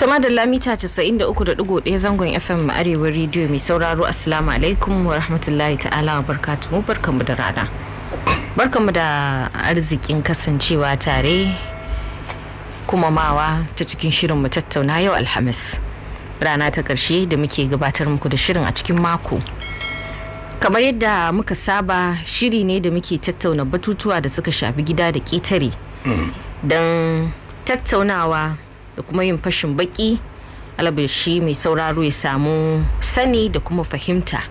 Tuma da Lamita 93.1 zangon FM Arewa rediyo mai sauraro asalamu alaikum wa rahmatullahi ta'ala wa barkatuhu barkanmu da rana. Barkanmu da arzikin kasancewa tare kuma mawa ta cikin shirin mu tattauna yau Alhamis. Rana ta karshe da muke gabatar muku da shirin a cikin mako. Kamar yadda muka saba shiri ne da muke tattauna batutuwa da suka shafi gida da ketare mm. Don tattaunawa da kuma yin fashin baki alabashi mai sauraro ya samu sani da kuma fahimta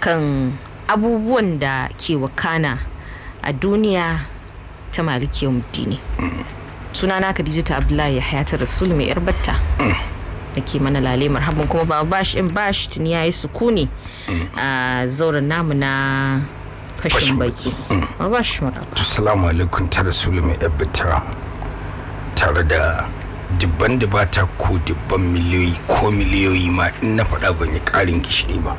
kan abubuwan da ke wakana a duniya ta malikiyar muddini sunana dijita abdullahi ya hayata rasul mai yarbatta. da ke mana lale marhaban kuma ba bashi in bashi tuni ya yi sukuni a zauren namu na fashin baki mm. ba bash maraba assalamu alaikum ta rasul mai yar tare da dubban ta ko dubban miliyoyi ko miliyoyi ma in na faɗa ban yi ƙarin gishiri ba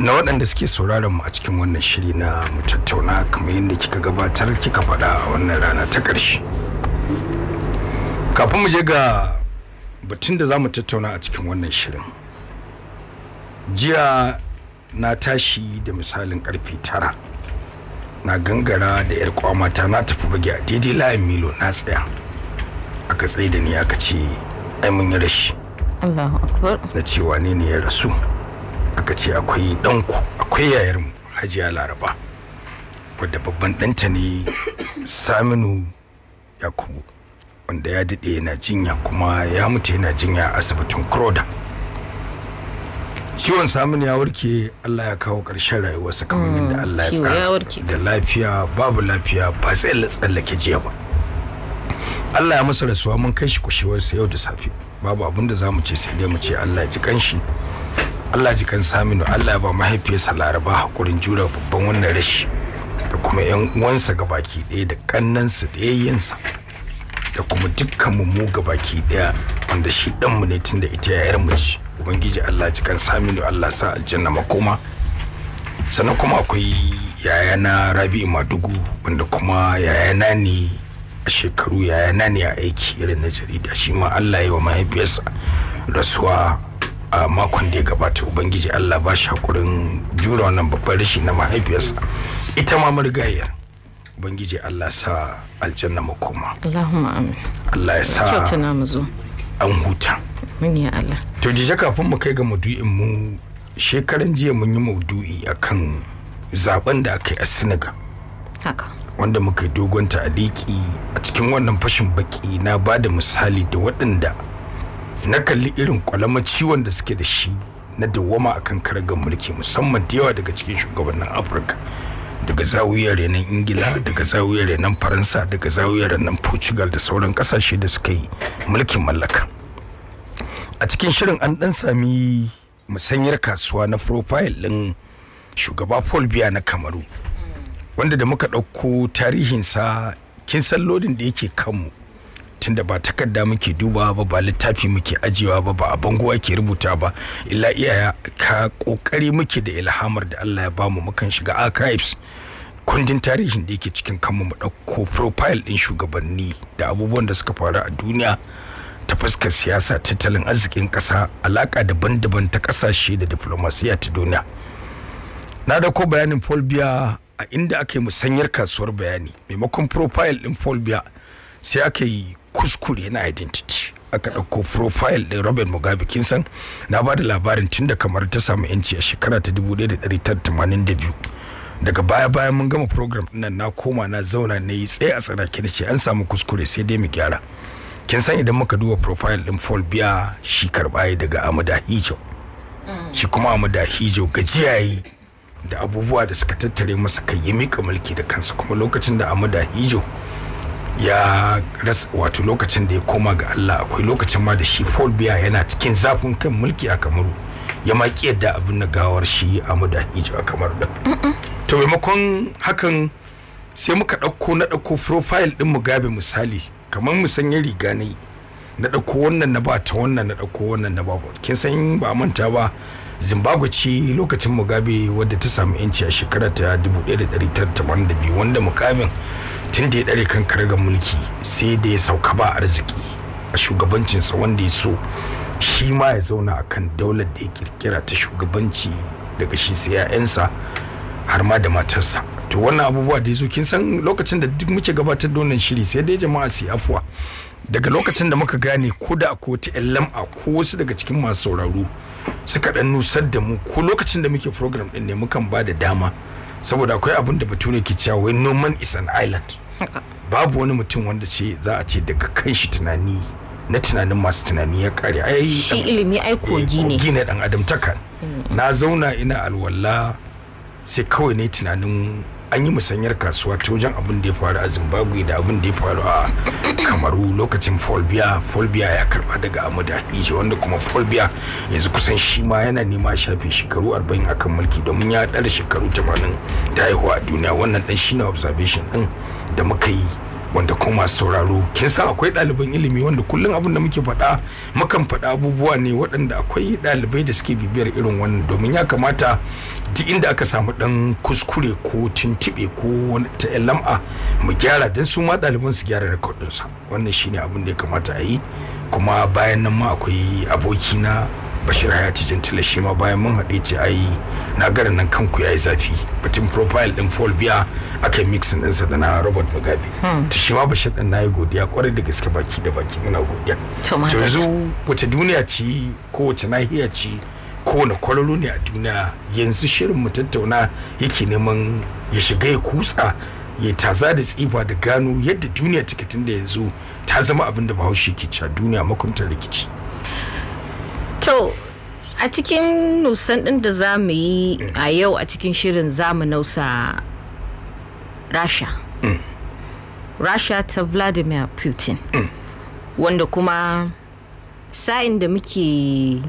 na waɗanda suke sauraron mu a cikin wannan shiri na mu tattauna kamar yadda kika gabatar kika faɗa a wannan rana ta ƙarshe kafin mu je ga batun da za mu tattauna a cikin wannan shirin jiya na tashi da misalin ƙarfe tara na gangara da 'yar kwamata na tafi bage a daidai layin milo na tsaya aka tsaye da ni aka ce ai mun yi rashi na cewa wane ne ya rasu aka ce akwai ɗanku akwai yayar mu hajiya laraba wadda babban ɗanta ne saminu yakubu wanda ya daɗe yana jinya kuma ya mutu yana jinya a asibitin kuroda ciwon samun ya warke Allah ya kawo ƙarshen rayuwarsa kamar yadda mm, Allah ya tsara da lafiya babu lafiya ba tsaye tsallake jiya ba Allah ya masa rasuwa mun kai shi kushewarsa yau da safe babu abin da za mu ce sai dai mu ce Allah ya ji kanshi Allah ji kan Saminu Allah ya ba mahaifiyarsa Laraba hakurin jura babban wannan rashi da kuma yan uwansa gabaki ɗaya da kannansa da sa da kuma dukkan mu mu gabaki ɗaya wanda shi dan mu ne tunda ita yayar mu ce ubangiji Allah ji kan Saminu Allah sa aljanna makoma sannan kuma akwai yayana Rabi'u Madugu wanda kuma yayana ne A shekaru yaya na ne a aiki irin na jarida shi ma Allah yi wa mahaifiyarsa rasuwa a makon da ya gabata ubangiji Allah ba shi hakurin jura wannan babban rashi na mahaifiyarsa ita ma marigayar ubangiji Allah sa aljanna makoma Allahumma amin Allah ya sa an huta ya Allah to jije kafin mu kai ga maudu'in mu shekaran jiya mun yi maudu'i akan zaben da aka yi a Senegal wanda muka dogon liƙi a cikin wannan fashin baki na ba da misali da waɗanda na kalli irin kwalama ciwon da suke da shi na dawwama a kan karagar mulki musamman da yawa daga cikin shugabannin afirka daga zawiyar renon ingila daga zawiyar renon faransa daga zawiyar renon portugal da sauran kasashe da suka yi mulkin mallaka a cikin shirin an dan sami musanyar kasuwa na profile din shugaba paul biya na kamaru wanda da muka ɗauko tarihinsa kin san lodin da yake kanmu tunda ba takarda muke dubawa ba ba littafi muke ajiyewa ba ba a bango ake rubuta ba illa iyaya ka kokari muke da ilhamar da Allah ya bamu mukan shiga archives kundin tarihin da yake cikin kanmu mu ɗauko profile ɗin shugabanni da abubuwan da suka faru a duniya ta fuskar siyasa tattalin arzikin ƙasa alaƙa daban-daban ta ƙasashe da diflomasiya ta duniya na dauko bayanin paul biya a inda aka yi musanyar kasuwar bayani maimakon profile din paul biya sai aka yi kuskure na identity aka ɗauko profile ɗin robert mugabe kin san na ba da labarin tun da kamar ta samu yanci a shekara ta 1982 daga baya bayan mun gama program nan na koma na zauna na yi tsaye a tsanake na ce an samu kuskure sai dai mu gyara kin san idan muka duba profile ɗin paul biya shi karɓa daga amada hijau mm. shi kuma amada hijau gajiya yi da abubuwa da suka tattare masa kai ya mika mulki da kansa kuma lokacin da amada hijo ya rasa wato lokacin da ya koma ga Allah akwai lokacin ma da shi Paul Biya yana cikin zafin kan mulki a Kamaru ya ma ki yadda abin na gawar shi amada hijo a Kamaru din to maimakon hakan sai muka ɗauko na ɗauko profile ɗin gabe misali kamar mu sanya riga ne na ɗauko wannan na ba ta wannan na ɗauko wannan na ba kin san ba manta ba zimbabwe ce lokacin mugabe wadda ta samu yanci a shekarar ta 1982 wanda mukamin tun da ya dare kan karagar mulki sai da ya sauka ba arziki a shugabancinsa wanda ya so shi ma ya zauna a kan daular da ya kirkira ta shugabanci daga shi sai 'ya'yansa har ma da matarsa to wannan abubuwa da ya zo kin san lokacin da duk muke gabatar da wannan shiri sai dai jama'a su afuwa daga lokacin da muka gane ko da ko ta lam'a ko wasu daga cikin masu sauraro suka dan nusar da mu ko lokacin da muke program din ne mukan ba da dama saboda akwai abin da batune ke cewa wai no man is an island babu wani mutum wanda ce za a ce daga kan shi tunani na tunanin masu tunani ya kare ai shi ilimi ai eh, kogi ne kogi ne dan adam taka mm. na zauna ina alwala sai kawai ne tunanin an yi musanyar kasuwa ta wajen abin da ya faru a zimbabwe da abin da ya faru a kamaru lokacin folbiya folbiya ya karba daga amada ije wanda kuma folbiya yanzu kusan shi ma yana nema shafin shekaru 40 akan mulki domin ya ɗara shekaru 80 da haihuwa a duniya wannan dan shi na observation din da muka yi wanda kuma sauraro kin san akwai ɗaliban ilimi wanda kullum abin da muke faɗa mukan faɗa abubuwa ne waɗanda akwai ɗalibai da suke bibiyar irin wannan domin ya kamata duk inda aka samu ɗan kuskure ko tuntuɓe ko wani ta lam'a mu gyara don su ma ɗaliban su gyara rikodinsa wannan shine abin da ya kamata a yi kuma bayan nan ma akwai abokina bashir hayati jantila shi ma bayan mun haɗe ce ai na garin nan kanku yayi zafi batun profile ɗin fall biya aka yi mixin sa da na robert mugabe hmm. ta shi ma bashir ɗin na yi godiya kwarai da gaske baki da baki muna godiya to yanzu wace duniya ce ko wace nahiya ce wani kwalolo ne a duniya yanzu shirin mu tattauna yake neman ya shiga ya kutsa ya taza da tsifa da gano yadda duniya take da yanzu ta zama abin da bahaushe ke ci a duniya makuntar rikici To a cikin nusan din da za mu yi a yau a cikin shirin za mu nausa Rasha. Mm. Rasha ta Vladimir Putin. Mm. Wanda kuma sa'in da muke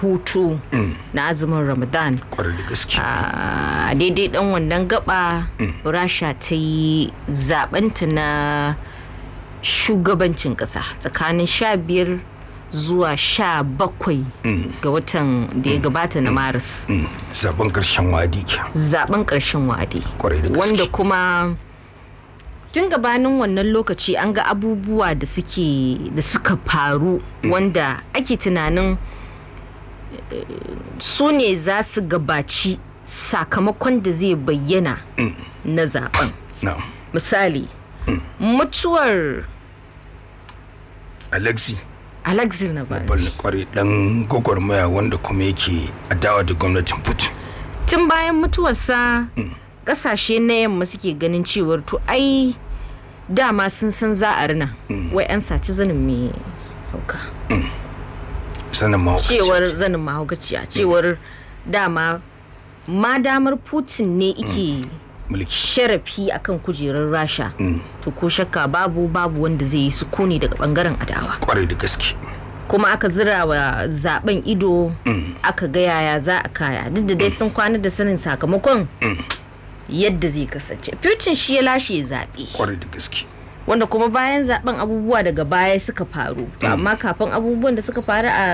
hutu mm. na azumin Ramadan. A daidai dan wannan gaba Rasha ta yi zaɓenta na shugabancin ƙasa tsakanin sha biyar zuwa sha bakwai ga watan da ya gabata na maris zaben karshen wadi zaben karshen wadi wanda kuma tun gabanin wannan lokaci an ga abubuwa da suke da suka faru mm. wanda ake tunanin eh, su ne za su gabaci sakamakon da zai bayyana mm. na zaben misali mm. mutuwar alexi Alex Zinabal. Babal kwari dan gwagwarmaya wanda kuma yake adawa da gwamnatin Putin. Tun bayan mutuwarsa kasashe mm. na yamma suke ganin cewar to ai dama sun san za a rina mm. wai an saci zanin mai hauka. Mm. Zanin mahaukaci. Cewar zanin mahaukaci a cewar dama ma damar Putin ne ike sharafi akan kujerar rasha mm. to ko shakka babu babu wanda zai yi sukuni daga bangaren adawa kwarai da gaske kuma aka zira wa zaben ido mm. aka ga yaya za a kaya duk da dai mm. sun kwana da sanin sakamakon yadda zai kasance fitin shi ya lashe zaɓe kwarai da gaske wanda kuma bayan zaben abubuwa daga baya suka faru amma kafin abubuwan da suka faru a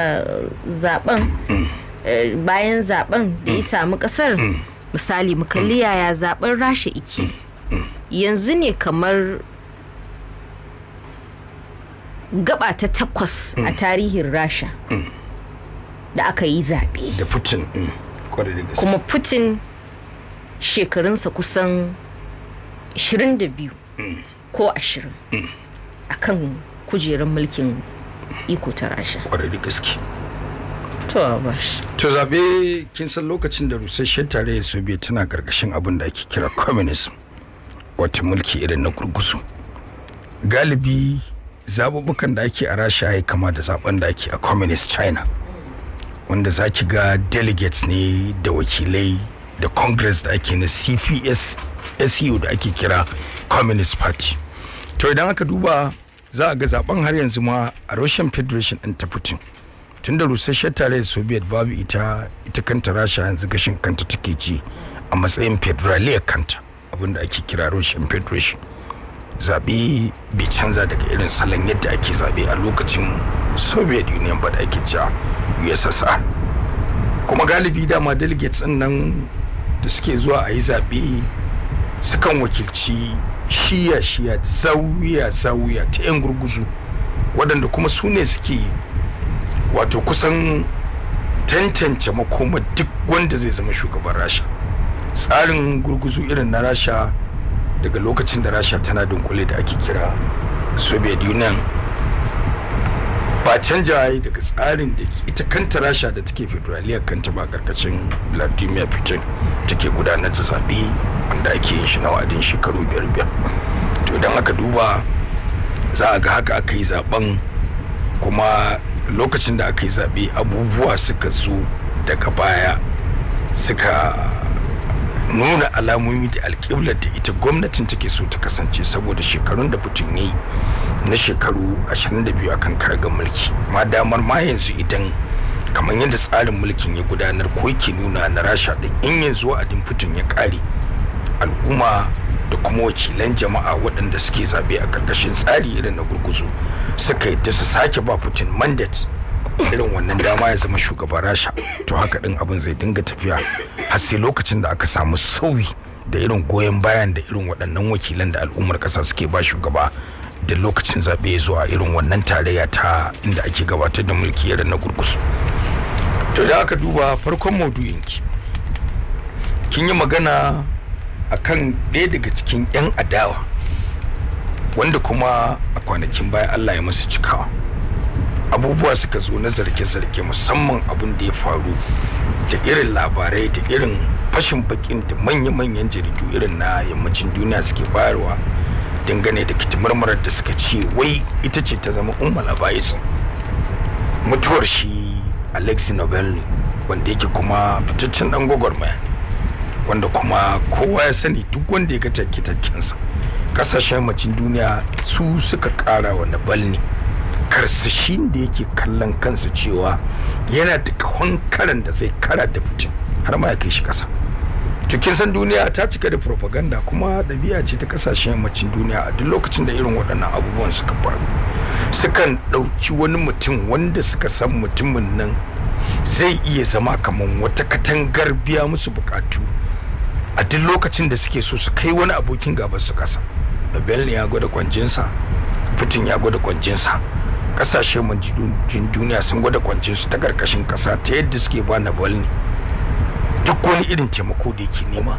zaben eh, bayan zaben da ya samu kasar misali mu kalli yaya zaben rasha ike yanzu ne kamar gaba ta takwas a tarihin rasha da aka yi zaɓe da putin mm, kuma putin shekarunsa kusan 22 ko 20 mm. a kan kujerar mulkin iko ta rasha gaske to zaɓe to zabe kin san lokacin da rusasshen tarayyar soviet tana karkashin abin da ake kira communism wata mulki irin na gurguzu galibi zabubukan da ake a rasha ya kama da zaben da ake a communist china wanda za ki ga delegates ne da wakilai da congress da ake na cps su e da ake kira communist party to idan aka duba za a ga zaben har yanzu ma a russian federation ɗin ta putin tun da rusasshen tarayyar soviet babu ita ita kanta rasha yanzu gashin kanta take ci a matsayin federaliyar kanta abinda ake kira russian federation zaɓe bai canza daga irin salon yadda ake zaɓe a lokacin soviet union ba da ake cewa ussr kuma galibi dama delegates ɗin nan da suke zuwa a yi zaɓe sukan wakilci shiya-shiya da zawiya-zawiya ta 'yan gurguzu waɗanda kuma su ne suke wato kusan tantance makoma duk wanda zai zama shugaban rasha tsarin gurguzu irin na rasha daga lokacin da rasha tana dunkule da ake kira soviet union ba canja daga tsarin da ita kanta rasha da take federaliya kanta ba karkashin vladimir putin take gudanar da zaɓe wanda ake yin shi na wa'adin shekaru biyar biyar to idan aka duba za a ga haka aka yi zaben kuma lokacin da aka yi zaɓe abubuwa suka zo daga baya suka nuna alamomi da alƙiblar da ita gwamnatin take so ta kasance saboda shekarun da putin ya na shekaru 22 kan kargar mulki ma damar ma yanzu idan kamar yadda tsarin mulkin ya gudanar ko yake nuna na rasha ɗin in yanzu wa'adin putin ya ƙare al'umma da kuma wakilan jama'a waɗanda suke zaɓe a ƙarƙashin tsari irin na gurguzu suka yadda su sake ba putin mandate irin wannan dama ya zama shugaban rasha to haka ɗin abin zai dinga tafiya har sai lokacin da aka samu sauyi da irin goyon bayan da irin waɗannan wakilan da al'ummar ƙasa suke ba shugaba da lokacin zaɓe zuwa irin wannan tarayya ta inda ake gabatar da mulki irin na gurguzu to da aka duba farkon maudu'inki kin yi magana akan ɗaya daga cikin 'yan adawa wanda kuma a kwanakin baya Allah ya masu cikawa abubuwa suka zo na zarge-zarge musamman abin da ya faru da irin labarai da irin fashin bakin da manya-manyan jaridu irin na yammacin duniya suke bayarwa dangane da kitimarmarar da suka ce wai ita ce ta zama ummala bayisin mutuwar shi alexi novelli wanda yake kuma fitaccen dan gwagwarmaya ne wanda kuma kowa ya sani duk wanda ya ga take sa kasashen macin duniya su suka kara wa balne ne karsashin da yake kallon kansa cewa yana da kahon karan da zai kara da putin har ma ya kai shi kasa cikin san duniya ta cika da propaganda kuma ɗabi'a ce ta kasashen yammacin duniya a duk lokacin da irin waɗannan abubuwan suka faru sukan ɗauki wani mutum wanda suka san mutumin nan zai iya zama kamar wata katangar biya musu buƙatu a duk lokacin da suke so su kai wani abokin gaban su kasa babel ya gwada kwanjinsa putin ya gwada kwanjinsa kasashe manjin duniya sun gwada kwanjinsu ta karkashin kasa ta yadda suke ba na bolni duk wani irin taimako da yake nema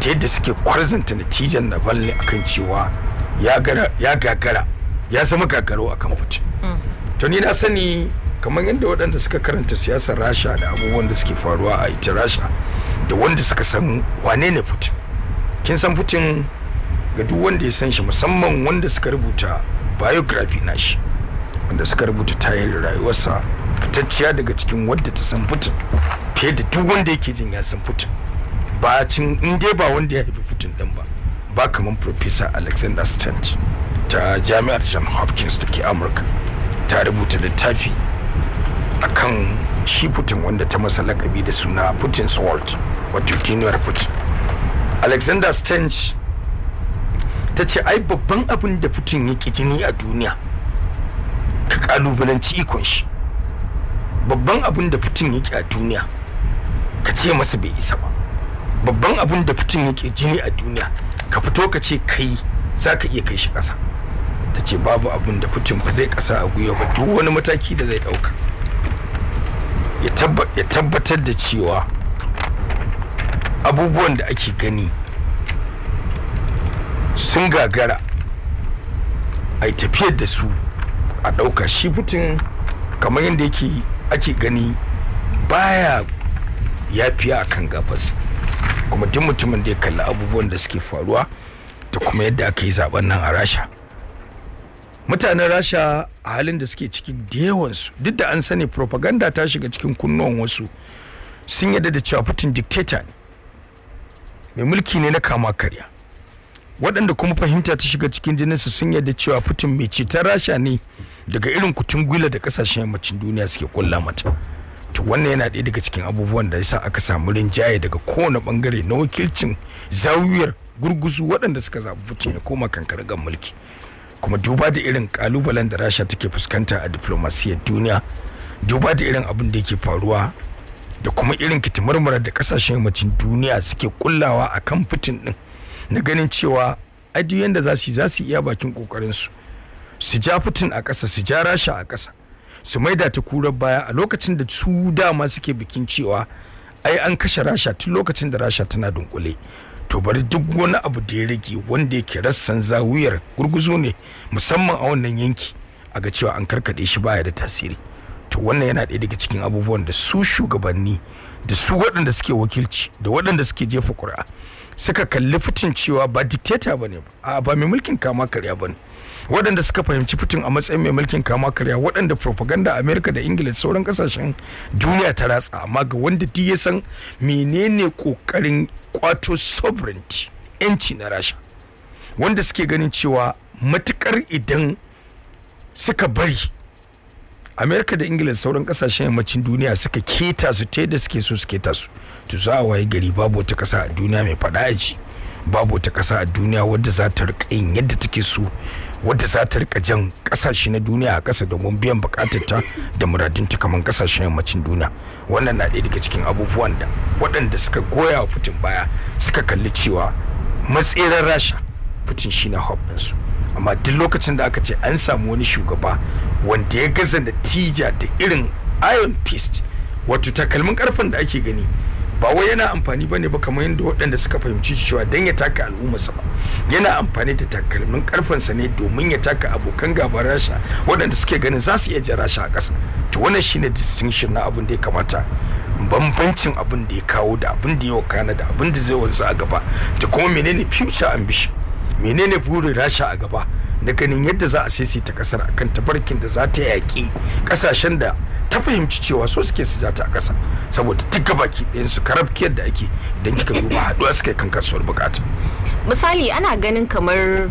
ta yadda suke kwarzanta natijan na a kan cewa ya gagara ya zama gagaro akan putin mm. to ni na sani kamar yadda waɗanda suka karanta siyasar rasha da abubuwan da suke faruwa a ita rasha da wanda suka san wane ne putin kin san putin ga duk wanda ya san shi musamman wanda suka rubuta biography na shi wanda suka rubuta tayin rayuwarsa fitacciya daga cikin wadda ta san putin fiye da duk wanda yake jin ya san putin ba cin in dai ba wanda ya haifi putin din ba ba kamar professor alexander stent ta jami'ar john hopkins da ke amurka ta rubuta littafi akan shi putin wanda ta masa lakabi da suna putin's world wato kiniyar ya Alexander Stench ta ce ai babban abin da Putin ya jini a duniya ka kalubalanci ikon shi babban abin da Putin ya a duniya ka ce masa bai isa ba babban abin da Putin ya jini a duniya ka fito ka ce kai za ka iya kai shi ƙasa ta ce babu abin da Putin ba zai ƙasa a gwiwa ba duk wani mataki da zai ɗauka ya tabbatar da cewa abubuwan da ake gani sun gagara a tafiyar da su a ɗauka shi butun kamar yadda yake ake gani baya yafiya a kan gafas kuma duk mutumin da ya kalli abubuwan da suke faruwa da kuma yadda aka yi zaben nan a rasha mutanen rasha a halin da suke ciki da yawansu duk da an sani propaganda ta shiga cikin kunnuwan wasu sun yadda da cewa putin dictator ne mai mulki ne na kama karya waɗanda kuma fahimta ta shiga cikin jinin su sun yarda cewa putin mai ce ta rasha ne daga irin kutun gwila da kasashen yammacin duniya suke kulla mata to wannan yana ɗaya daga cikin abubuwan da yasa aka samu rinjaye daga kowane bangare na wakilcin zawiyar gurguzu waɗanda suka zaɓi putin ya koma kankaragan mulki kuma duba da irin kalubalen da rasha take fuskanta a diplomasiyar duniya duba da irin abin da yake faruwa da kuma irin kitimarmarar da kasashen yammacin duniya suke kullawa a kan fitin din na ganin cewa adiyoyin da za su za iya bakin kokarinsu su ja fitin a ƙasa su ja rasha a ƙasa su maida ta kurar baya a lokacin da su dama suke bikin cewa ai an kashe rasha tun lokacin da rasha tana dunkule to bari duk wani abu da ya rage wanda yake rassan zawiyar gurguzu ne musamman a wannan yanki a ga cewa an karkade shi baya da tasiri to wannan yana ɗaya daga cikin abubuwan da su shugabanni da su waɗanda suke wakilci da waɗanda suke jefa ƙuri'a suka kalli fitin cewa ba dikteta ba ne ba mai mulkin kama karya ba ne waɗanda suka fahimci fitin a matsayin mai mulkin kama karya waɗanda propaganda amerika da ingila da sauran kasashen duniya ta ratsa amma ga wanda duk ya san menene ƙoƙarin kwato sovereignty yanci na rasha wanda suke ganin cewa matukar idan suka bari amerika da ingila sauran kasashen yammacin duniya suka keta su ta yadda suke so su keta su to za a waye gari babu wata kasa a duniya mai fada aji babu wata kasa a duniya wadda za ta rika yin yadda take so wadda za ta rika jan kasashe na duniya a kasa domin biyan bukatar ta da muradinta kamar kasashen yammacin duniya wannan na ɗaya daga cikin abubuwan da waɗanda suka goya wa putin baya suka kalli cewa matseren rasha fitin shine na ɗinsu amma duk lokacin da aka ce an samu wani shugaba wanda ya gaza natija da irin iron fist wato takalmin karfin da ake gani ba wai yana amfani bane ba kamar yadda waɗanda suka fahimci cewa dan ya taka al'ummarsa ba yana amfani da takalmin karfensa ne domin ya taka abokan gaba rasha waɗanda suke ganin za su iya jira shi a ƙasa to wannan shine distinction na abin da ya kamata bambancin abin da ya kawo da abin da ya wakana da abin da zai wanzu a gaba da kuma menene future ambition menene burin rasha a gaba da ganin yadda za a saisaita kasar akan tabarkin da za ta yaƙi kasashen da ta fahimci cewa so suke su jata a ƙasa saboda gaba gabaki ɗayan su karafkiyar da ake idan kika duba haɗuwa suka kan kasuwar bukata misali ana ganin kamar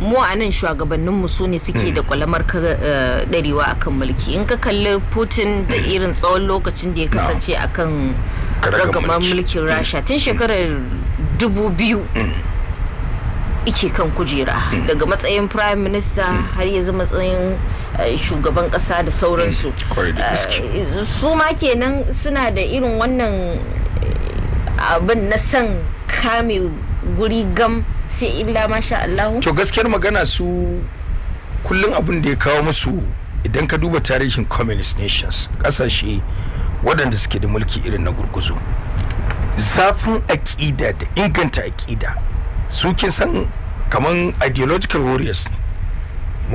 mu a nan shugabannin mu ne suke hmm. da kwalamar eh, ɗarewa akan mulki in ka kalli putin da hmm. irin tsawon lokacin da ya kasance akan ragamar mulkin hmm. rasha tun shekarar dubu biyu ike kan kujera daga matsayin prime minister har ya zama matsayin eh, shugaban kasa da sauransu mm, eh, su ma kenan suna da irin wannan eh, abin na son kame guri gam sai illa masha Allahu to gaskiyar magana su kullum abin da ya kawo musu idan ka duba tarihin communist nations kasashe waɗanda suke da mulki irin na gurguzu zafin aƙida da inganta aƙida su kin san kaman ideological warriors ne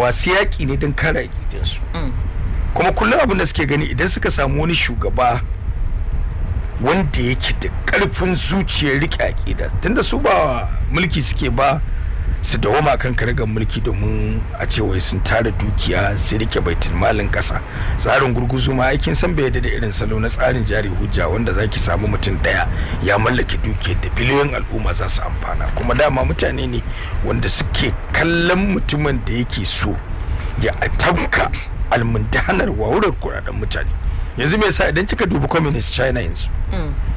masu yaƙi ne don kare gidansu mm. kuma kullum abin da suke gani idan suka samu wani shugaba wanda yake da ƙarfin zuciyar riƙe aƙida tunda su ba mulki suke ba su dawoma kan karagar mulki domin a cewa sun tara dukiya sai rike baitin malin kasa tsarin gurguzu ma aikin san bai da irin salo na tsarin jari hujja wanda zaki samu mutum daya ya mallaki dukiyar da biliyoyin al'umma za su amfana kuma dama mutane ne wanda suke kallon mutumin da yake so ya atabka almundahanar wawurar kuɗaɗen mutane yanzu me yasa idan kika dubi communist china yanzu mm.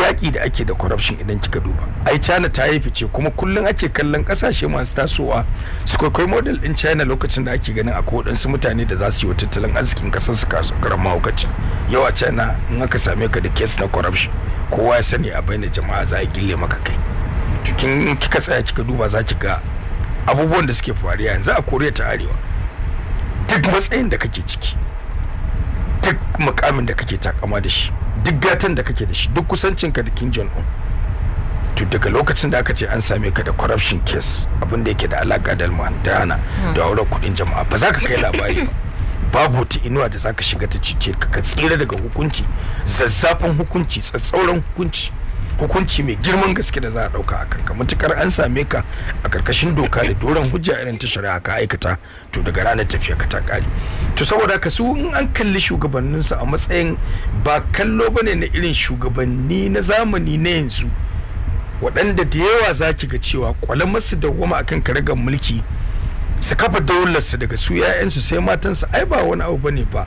yaƙi da ake da corruption idan kika duba ai china ta yi fice kuma kullum ake kallon ƙasashe masu tasowa su kai model din china lokacin da ake ganin akwai waɗansu mutane da za su yi wa tattalin arzikin ƙasar su kasu karama hukaci yawa china in aka same ka da kes na corruption kowa ya sani a bayyana jama'a za a gille maka kai cikin kika tsaya kika duba za ki ga abubuwan da suke faruwa yanzu a koriya ta arewa duk matsayin da kake ciki duk mukamin da kake takama da shi duk gatan da kake da shi duk kusancinka da Kim Jong Un to daga lokacin da aka ce an same ka da corruption case abin da yake da alaka da almandana hmm. da auren kudin jama'a ba za ka kai labari ba babu wata inuwa da za ka shiga ta cice ka tsira daga hukunci zazzafin hukunci tsatsauran hukunci hukunci mai girman gaske da za a ɗauka a kanka matukar an same ka a karkashin doka da doron hujja irin ta shari'a ka aikata to daga ranar tafiya ka ta kare to saboda ka su in an kalli shugabannin su a matsayin ba kallo bane na irin shugabanni na zamani na yanzu waɗanda da yawa za ki ga cewa masu dawwama akan karagar mulki su kafa su daga su 'ya'yansu sai matansu ai ba wani abu bane ba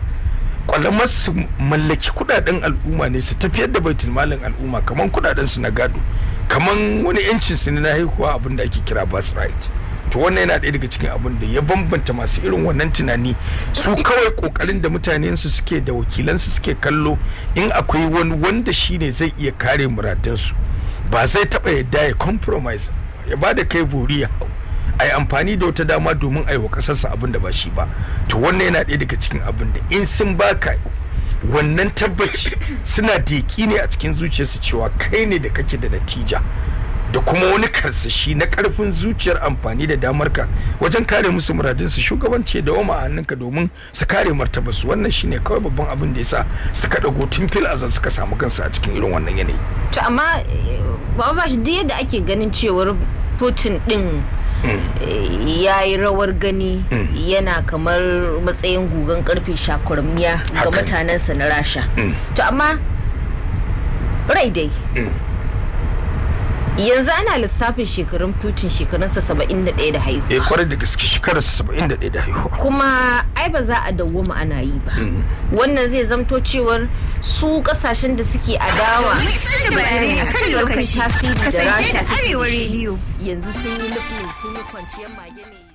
kwalamar su mallaki kudaden al'umma ne su tafiyar da baitul malin al'umma kamar kudaden su na gado kamar wani yancin su na haihuwa abin da ake kira bas right to wannan yana ɗaya daga cikin abin da ya bambanta masu irin wannan tunani su kawai kokarin da mutanen su suke da wakilan su suke kallo in akwai wani wanda shine zai iya kare muradansu ba zai taba yadda ya compromise ya bada kai buriya a yi amfani da wata dama domin a yi wa kasarsa abin da ba shi ba to wannan yana ɗaya daga cikin abin da in sun baka wannan tabbaci suna da ne a cikin zuciyarsu cewa kai ne da kake da natija da kuma wani karsashi na karfin zuciyar amfani da damarka wajen kare musu muradinsu shugabanci da wama hannunka domin su kare martabarsu wannan shine kawai babban abin da ya sa suka ɗago tun fil azam suka samu kansu a cikin irin wannan yanayi to amma ba shi da yadda ake ganin cewar putin din ya yi rawar gani mm. yana kamar matsayin gugan karfe shakurmiya ga mutanensa na rasha mm. to amma rai dai mm. yanzu ana lissafin shekarun putin shekarunsa saba'in da ɗaya da haihuwa eh kwarai da gaske shekarunsa saba'in da ɗaya da haihuwa kuma ai ba za a dawwama ana yi ba mm-hmm. wannan zai zamto cewar su kasashen da suke adawa da a akan lokaci kasance da rashin yanzu sun yi lufin sun yi kwanciyar mage ne